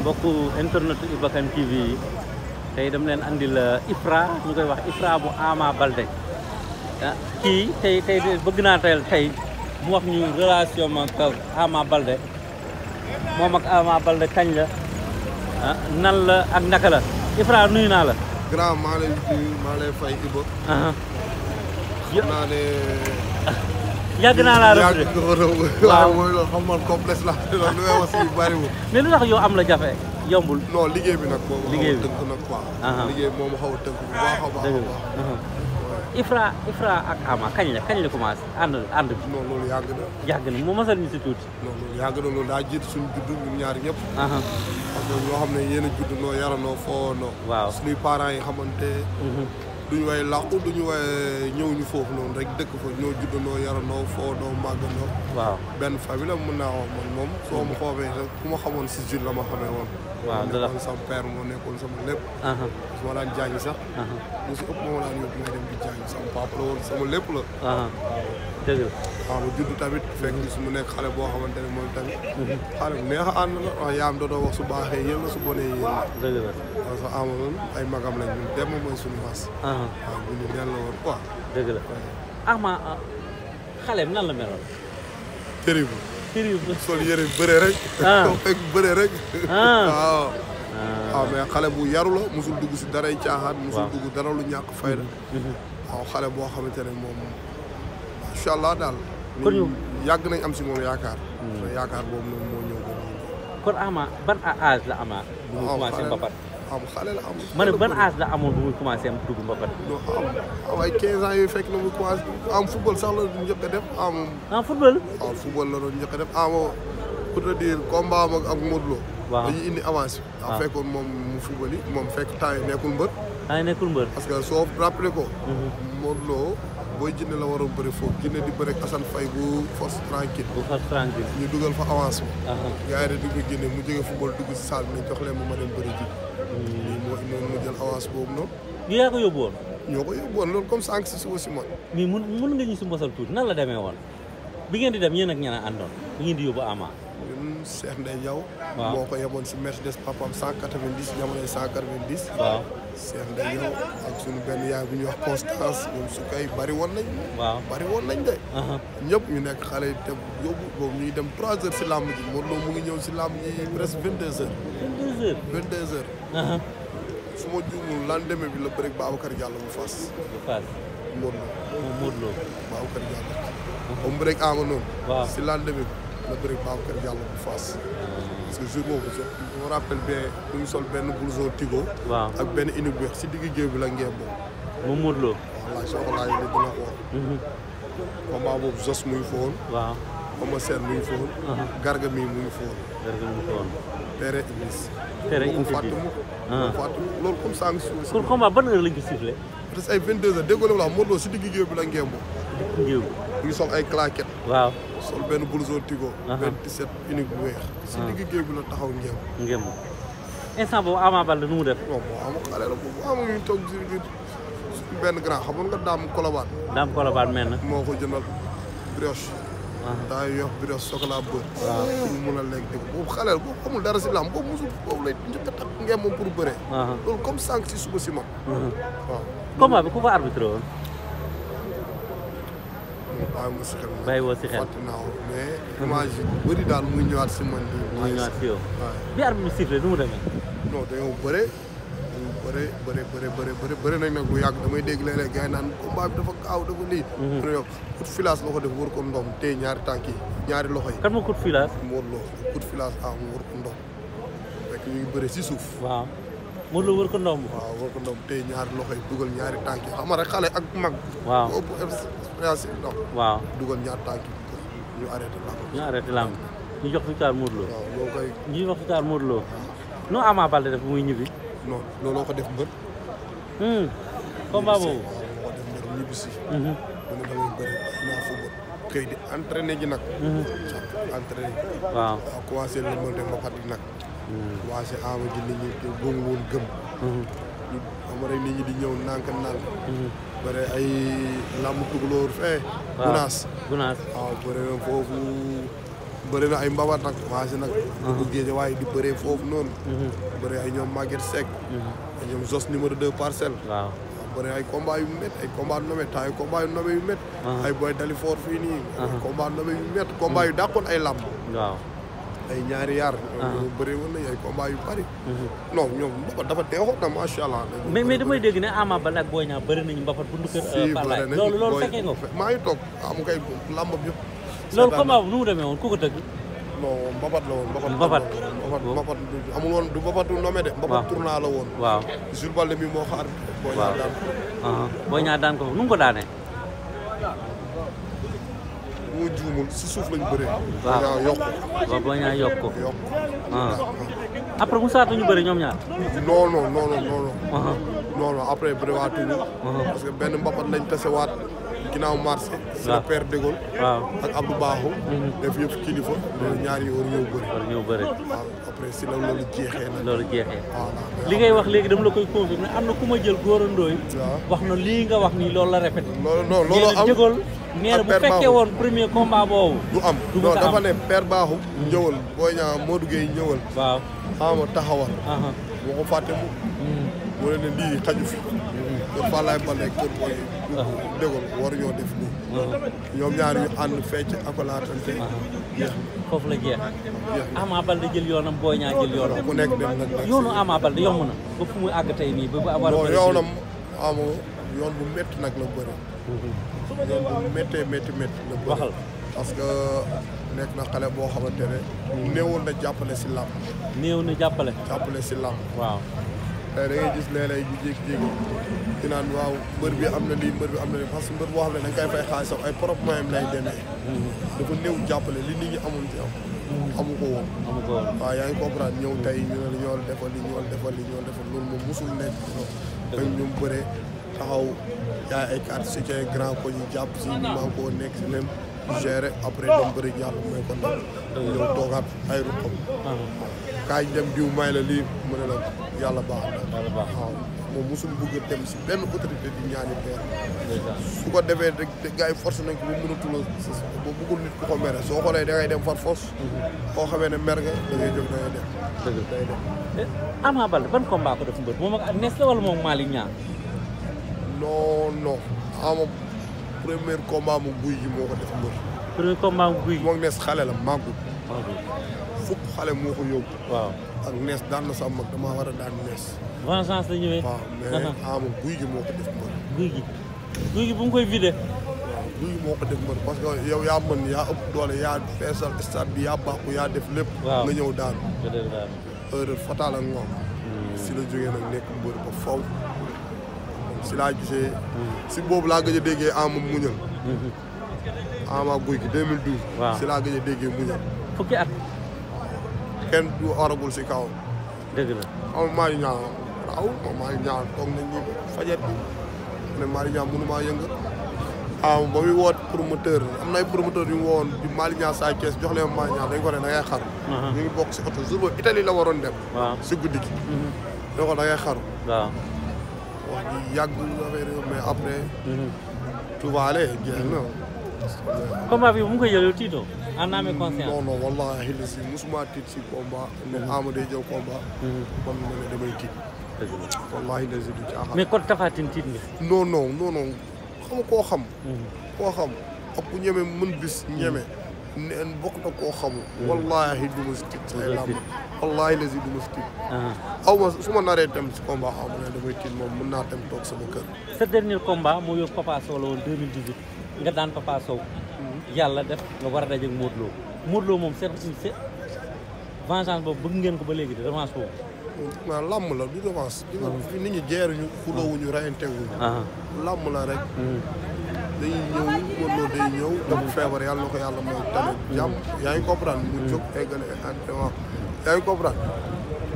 mbokku internet Iba Kane TV yi tey dam leen andil uh, IFRA ñu koy wax IFRA bu Ama Baldé ah, kii tey bëgg naa teel tey mu wax ñu relation ak Ama Baldé moom ak Ama Baldé kañ la ah la ak naka la IFRA nuyu naa la. grand maa lay fay Iba. xam naa yàgg naa laa rëbb de waaw mooy loolu xam man complexe la loolu lu may wax si bariwul mais lu tax yow am la jafe yombul non liggéey bi nag moom liggéey bi tënk nag quoi liggéey bi moom xaw a tënk bu baax a baax Ifra Ifra ak Ama kañ la kañ la commencé ànd ànd bi non loolu yàgg na yàgg na mu masal ñu si tuuti non loolu yàgg na loolu daa jiit suñu judd ñun ñaar ñëpp parce que ñoo xam ne yéen a judd noo yaranoo foo noo waaw suñuy parents yi xamante mhm. duñu way làqu duñu way ñëw ñu foofu noonu rek dëkk fa ñoo juddandoo yarandoo foodoo màggandoo. waaw benn famille la mën naa wax man moom soo ma xoolee mm. rek ku ma xamoon si jur la ma xamee woon. waaw dëgg la moo sama père moo nekkoon sama lépp. Uh-huh. su ma daan jàngi sax. mu uh-huh. si ëpp moo daan yóbbu may dem di jàngi sama papa la sama lépp la. Uh-huh. waaw dëgg la. waaw ma judd tamit fekk su mu nekk xale boo xamante ne moom tamit. xale bu a ànd la su baaxee yéen la su bonee yéen ay magam lañ ñun mooy suñu mas. waaw bu ñu ñaan la woon quoi. dëgg la Ama ah, xale nan la meloon. terrible. sérieux sol yëre bëre rek. ah fekk bëre rek. Ah. waaw. Ah. Ah, mais xale bu yaru la musul dugg si daray caaxaan. waaw musul dugg dara lu ñàkk fayda. Mm-hmm. Mm-hmm. waaw xale boo xamante ne moom macha daal. kon ñu yàgg nañ am si moom yaakaar. Mm. yaakaar boobu moom moo ñëw ba. kon Ama ban âge la Ama. waaw xale bu am xale la am. ma ne ban âge la amoon bu muy commencé am dugg mbapat. non am am ay 15 ans yooyu fekk na mu commencé am football sax la njëkk a def am. ah football. waaw football la doon njëkk a def am pour te dire combat am ak Modou Lo. waaw dañuy indi avance. waaw ah. fekkoon moom mu fubali moom fekk temps yi nekkul mbër. temps yi nekkul mbër. parce que soo rappelé ko. Mhm. Modou Lo booy jinne la waroon bëri foofu jinne di bëri ak Assane Faye bu force tranquille bu force tranquille ñu dugal fa avance bi. Ah, ah. gars yi da dugg génne mu jógee football dugg si salle bi jox leen ma ma dem bëri ji. Hmm. lii moo indi mu jël avance boobu noonu. ñu yaa ko yóbbu ñoo ko yóbbu loolu comme sànq si si man. mais mun mun nga ñu si mosal tuuti nan la demee woon bi ngeen di dem yéen ñeneen àndoon bi ngeen ñun Cheikh Ndeye Diaw. waaw moo ko yeboon si Mercedes papam 190 jamonoy 190. waaw Cheikh Ndeye Diaw ak suñu benn yaay bu ñu wax Constance ñoom su koy bari woon nañ. waaw bari woon nañ de. Uh-huh. ñëpp ñu nekk xale yi te yóbbu boobu ñuy dem 3 heures si làmb ji Modou mu ngi ñëw si làmb ji presque 22 des 22 heures 22 heures. Uh-huh. su ma juumul lendemain bi la bëri Babacar Diallo mu fas. mu fas Modou Lo. Modou Lo Babacar Diallo. comme uh-huh. bëri aama noonu. waaw si lendemain la bëri Babacar Diallo bu Fass parce que jour boobu sax je me rappelle sol benn blouson tigo. ak benn unique bu weex si digg géew bi la ngeen bokk. mu muurloo. voilà soxlaa yi dina ko wax. combat boobu Jos mu uh-huh. fàttali mu ah. fàttali loolu comme ça nga suuf si. kon combat ban la mu wax Modou digg géew bi la ngeen bokk. digg bi. mu ngi sol ay claquettes. waaw sol benn blouson tigo. benn t-shirt unique bu weex. si digg géej bi la taxaw ngéem. ngéem instant boobu Ama Baldé waaw waaw ama xale la boobu ama ñu toog si benn grand xamoon nga Dame Colobane. Dame Colobane mel moo ko jëndal brioche. waaw mun a lekk dëgg boobu xale la boobu xamul dara si lam boobu musul boobu lay njëkk a takk ngéem moom pour bëree. loolu comme sànq si suba si moom. waaw combat ku fa arbitré woon. waaw nga si xel bàyyi woo si xel fàtte naa ko mais image yu bëri daal muy ñëwaat si man bi muy ñëwaat si yow waaw bi arbitre bi sifflé nu mu demee non dañoo bëre dañoo bëre bëre bëre bëre bëre bëre nañ nag bu yàgg damay dégg léeg-léeg gars yi naan combat bi dafa gaaw dafa lii mu ne yow coup de filage la ko def wër ko ndoom téye ñaari tànk yi ñaari loxo yi kan moo coup de filage mu wër loolu coup de filage ah mu wër ko ndoom fekk ñu ngi bëre si suuf waaw Modou Lo wër ko ndomb. waaw wër ko ñaari loxo dugal ñaari tànk yi xam rek xale ak mag. waaw bu ëpp expérience yi dugal ñaari tànk ñu arrêté lamb. ñu arrêté lamb ñu jox victoire Modou Lo. loo koy. ñu jox victoire Modou Lo. non Ama Baldé def muy ñibbi. non looloo ko def mbër. Hmm. combat hmm. mu ne damay bëri naa fa mbër. kay di entraîné ji nag. Hmm. entraîné. waaw commencé lu mu dem ba Fatick nag. commencé ama ji nit ñi woon gëm mhm. ama nit ñi di ñëw nànk nànk mhm. bëre ay làmb tugalóor fee gunaas waaw bëre foofu bëre ay mbabat nag commencé nag mhm. waaye di bëree foofu noonu bëre ay ñoom Maguette Seck ay ñoom Zos numéro deux parcelle waaw ay combat yu ay combat nommé temps ay combat yu nommé yu ay boy fii nii ay combat nommé yu métti ay làmb ay ñaari yaar. ñoom ah. bëri woon nañ ay combat yu bari. Mhm. non ñoom mbapat dafa teexoon na macha mais mais damay dégg ne Ama Baldé ak Boy Niang bëri nañu mbapat bu ndukër. a bëri nañu loolu la woon. mbapat mbapat mbapat du mbapatu nome de. waaw mbapat tournoi la woon. waaw Jules Baldé mi moo xaar. waaw uh-huh. Boy Niang daan ko. Boy ko nu ma juumul si suuf lañ bëree. waaw boo ñaa yokk ko. waaw boo ñaa yokk ko. yokk ah. après Moussa ñu bëri ñoom ñaar. non non non non uh-huh. uh-huh. benn mbapat lañ tasewaat. ginnaaw marché. waaw seen père de Gaulle. waaw ak Abdou Baaxu. Mm-hmm. def yëpp kilifa. ñaar yi war ñëw war ñëw bëri. waaw ah, après si la loolu na. loolu jeexee li ngay wax léegi dama la koy confirmer am na ku ma jël góorandooy. wax na lii nga wax nii loolu la rafet. loolu non nee bu fekkee woon premier combat boobu. du am non dafa ne père baaxu ñëwal boo ñaa Modou Gueye ñëwal. waaw xama taxawal. boo ko fàtte hmm. mu. wala ne lii xaju fi. te hmm. Fallaye Baldé kër booy. déggoo waruñoo def nii. ñoom ñaar ñu ànd fecc akolaatante. jeex foofu la jeex. Ama Baldé jël yoonam booy ñaa jël yoonam. ku nekk dem nag yoonu Ama Baldé yomb na ba fu muy àgg tey nii ba. ba war a yoonam amoo yoon bu métti nag la bëri. loolu bu méttee métti métti la waxal parce que nekk na xale boo xamante ne néewoon na jàppale si làmb néew na jàppale jàppale si làmb waaw tey da gis léeg-léeg ñu di naan waaw mbër bi am na lii mbër bi am na lii parce que mbër boo xam ne da fay xaalis sax ay propres moyens lay demee mm-hmm. dafa néew jàppale li nit ñi amul ci am mm-hmm. amu ko woon amu ko waaw yaa ngi comprendre ñëw tey ñu ne la ñoo defal li ñoo defal li ñoo defal loolu moom mosul nekk ñoom ñoom bëree taxaw yaay ay carte soutien grand ko ñu jàpp si maa koo nekk si leen géré après dem yàlla may ko ndax ñëw toogaat ay ruqam kaay dem diw may la lii mu ne la yàlla baax na waaw moom mosul bëgg dem si benn autorité di ñaani teer su ko defee rek gars yi force nañ ko ba mënatula ba bëggul nit ku ko mere soo xoolee da ngay dem far force mhm. koo xamee ne mer nga da ngay jóg da ngay dem dëgg eh, Ama Baldé ban combat ko def mbër moom ak Ness la wala moom Malick Niang non non ama premier combat mu guy gi moo ko def mbër. premier combat mu guy gi. moom nees xale la màggul. màggul xale moo ko yóbbu. waaw ak nees daan na mag damaa war a daan nees. bonne chance la ñëwee. waaw mais ama guy gi moo ko def mbër. koy vidé. moo ko def mbër parce que yow yaa mën yaa ëpp doole yaa feesal stade bi yaa bàqu yaa def lépp. nga ñëw daanu. nga ak moom. Hmm. si la jógee nag nekk mbër ba faw. si la gisé si boobu laa gëj a déggee ama muñal ama guy ki 2012 si la gëjë déggé déggee muñal fukki at ken du oragul ci kaw dëgg la am maa ngi ñaan aw maa ngi ñaan toog nañ ñi fajet bi ne mari ngi ñaan mënu ma yëng am ba muy woot promoteur am nay promoteur yu woon di Mali Niang saa kees jox leen Mali Niang dañ ko ne da ngay xaru. ñu ngi bokk si oto jour boobu la waroon dem. waaw guddi gi. Mhm. da ko da ngay xaru. waaw wax ji yàggul affaire mais après. Mhm. tout va aller jeex na. Mhm. combat bi bu mu koy jël tiito en âme et conscience. musuma tiit si mhm. Ama day jël combat. man ma ne damay tiit. wallaahi du caaxaan. mais kon Tapha Tine tiit nga. non non non non xam koo xam. koo xam ak ku bis ñeme. bokk na koo xamul. wallaahi du ma si tiit say làmb. wallaahi la si du ma si tiit. Ah. aw su ma naree dem si combat xaw ma ne damay tiit moom mën naa dem toog sama kër. sa dernier combat moo yóbbu Papa Sow la woon 2018 nga daan Papa hmm. yàlla def nga war a daje ak Modou Lo Modou Lo moom seen seen vengeance boobu bëgg ngeen ko ba léegi de revanche boobu. waaw hmm. ah, làmb la du revanche. di ah. nga nit ñi jeeruñu xulóowuñu rayantewuñu. làmb la rek. Hmm. day ñëw Modou Lo day feebar yàlla na ko yàlla mooy tamit jàmm yaa ngi comprendre mu jóg eggale entraînement ah, ah, yaa ngi comprendre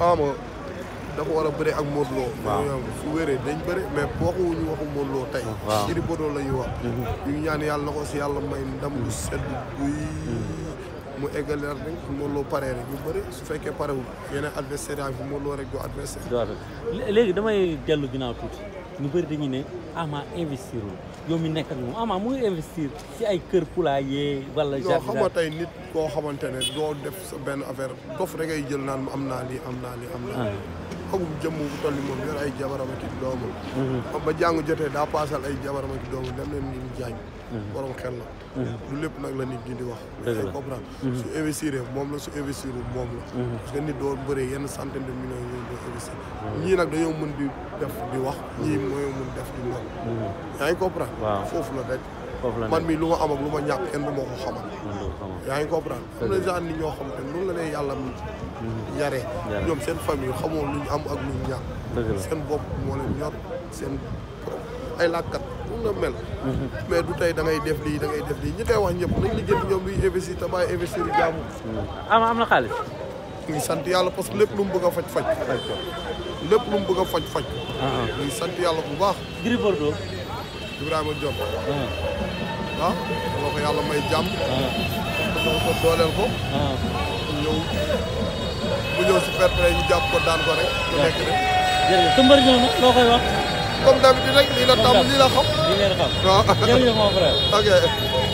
ama dafa ak Modou Lo waaw su wéree dañ bëre mais waxuñu waxu Modou Lo tey Gris Bordeaux la ñuy wax mhm. ñu ngi ñaan yàlla na ko si yàlla may ndam mhm. sedd guy mhm. mu eggale rek rek Modou paree rek ñu bëri su fekkee parewul yeneen adversaire yaa fi Modou Lo rek du adversaire léegi damay dellu ginnaaw tuuti ñu bëri dañuy ne Ama investirul yow mi nekk ak moom Ama mu ngi investir si ay kër poulailler wala jardin xam nga tey nit koo xamante ne doo def sa benn affaire dof da ngay jël naan mu am naa lii am naa lii am naa ah. amul jëmm bu toll moom yor ay jabaram ak i doomam xam mhm. ba jàngu jotee daa paasal ay jabaram ak i doomam dem leen ñu jaañ mhm. borom xel la mhm. lu lépp nag la nit ñi di wax ay comprendre su investir moom la su investir moom la parce que nit doo bëree yenn centaine de millions yooyu doo investir ñii nag dañoo mën di def di wax ñii mooy mën def di moom yaa ngi foofu la rek man mi lu ma am ak lu ma ñàkk kenn du ko xamal yaa ngi comprendre am na genre nit ñoo xam te noonu la lay yàlla mi mhm. yare ñoom seen famille xamoon lu ñu am ak lu ñàkk seen bopp moo leen ñor seen ay làkkat mun na mel mhm. mais du tey da ngay def lii da ngay def lii ñi koy wax ñëpp nañ liggéey ñoom luy investir te bàyyi investir yu jaamu mhm. am am na xaalis ñuy sant yàlla parce lépp lu mu bëgg a faj faj lépp lu mu bëgg a faj faj uh-huh. ñuy sant yàlla bu baax Gris Bordeaux Ibrahima Diop. ah dama ah, ko yàlla may jàmm. dama ah. ko dooleel ko. Ah. ñëw bu ñëw si fair play ñu jàpp ko daan ko rek. ku nekk rek. jërëjëf sa mbër ñëw na loo koy wax. comme d'habitude rek lii la tam lii la xam. lii la xam jërëjëf mon frère. ok.